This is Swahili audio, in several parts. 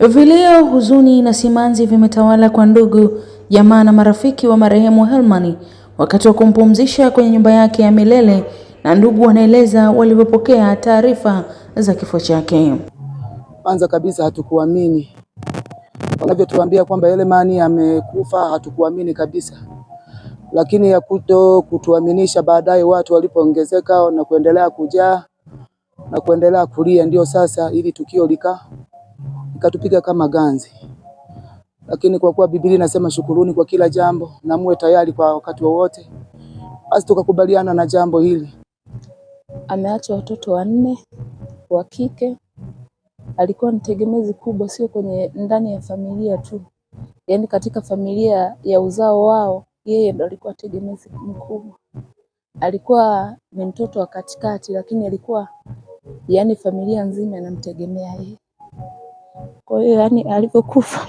Vileo, huzuni na simanzi vimetawala kwa ndugu, jamaa na marafiki wa marehemu Helman wakati wa kumpumzisha kwenye nyumba yake ya milele, na ndugu wanaeleza walivyopokea taarifa za kifo chake. Kwanza kabisa hatukuamini wanavyotuambia kwamba Helman amekufa, hatukuamini kabisa, lakini ya kuto kutuaminisha baadaye watu walipoongezeka na kuendelea kujaa na kuendelea kulia, ndio sasa ili tukio lika ikatupiga kama ganzi. Lakini kwa kuwa Biblia inasema shukuruni kwa kila jambo na muwe tayari kwa wakati wowote, basi tukakubaliana na jambo hili. Ameacha watoto wanne wa kike. Alikuwa ni tegemezi kubwa, sio kwenye ndani ya familia tu, yaani katika familia ya uzao wao, yeye ndo alikuwa tegemezi mkubwa. Alikuwa ni mtoto wa katikati, lakini alikuwa yaani familia nzima inamtegemea yeye. Kwa hiyo yani alivyokufa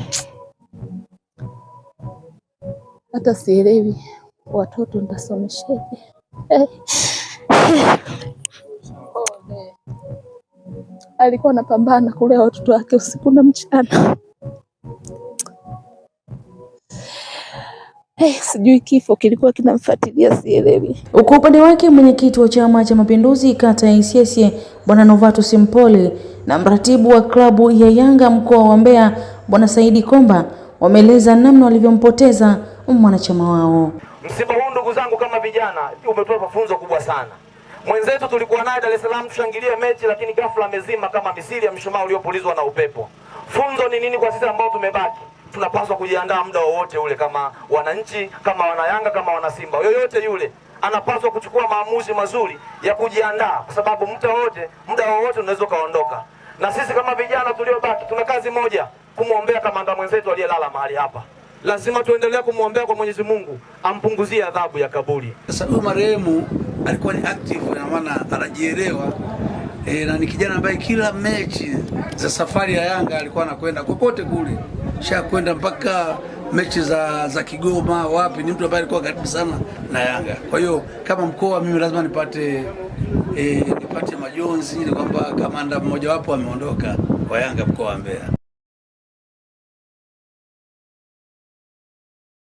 hata sielewi watoto nitasomeshaje. Eh. Alikuwa anapambana kulea watoto wake usiku na mchana. Hey, eh, sijui kifo kilikuwa kinamfuatilia sielewi. Kwa upande wake mwenyekiti wa Chama cha Mapinduzi kata ya Isyesye Bwana Novatus Mpole na mratibu wa klabu ya Yanga mkoa wa Mbeya Bwana Saidi Komba wameeleza namna walivyompoteza mwanachama wao. Msiba huu ndugu zangu, kama vijana, umetupa mafunzo kubwa sana. Mwenzetu tulikuwa naye Dar es Salaam tushangilie mechi, lakini ghafla amezima kama misili ya mshumaa uliopulizwa na upepo. Funzo ni nini kwa sisi ambao tumebaki? tunapaswa kujiandaa muda wowote ule, kama wananchi, kama wanayanga, kama wanasimba, yoyote yule anapaswa kuchukua maamuzi mazuri ya kujiandaa, kwa sababu muda wote muda wowote unaweza ukaondoka. Na sisi kama vijana tuliobaki tuna kazi moja, kumwombea kamanda mwenzetu aliyelala mahali hapa. Lazima tuendelee kumwombea kwa Mwenyezi Mungu ampunguzie adhabu ya kaburi. Sasa huyu marehemu alikuwa ni active, na maana anajielewa e, na ni kijana ambaye kila mechi za safari ya Yanga alikuwa anakwenda popote kule shakwenda mpaka mechi za, za Kigoma wapi, ni mtu ambaye alikuwa karibu sana na Yanga. Kwa hiyo kama mkoa mimi lazima nipate e, nipate majonzi ni kwamba kamanda mmojawapo ameondoka kwa Yanga mkoa wa Mbeya.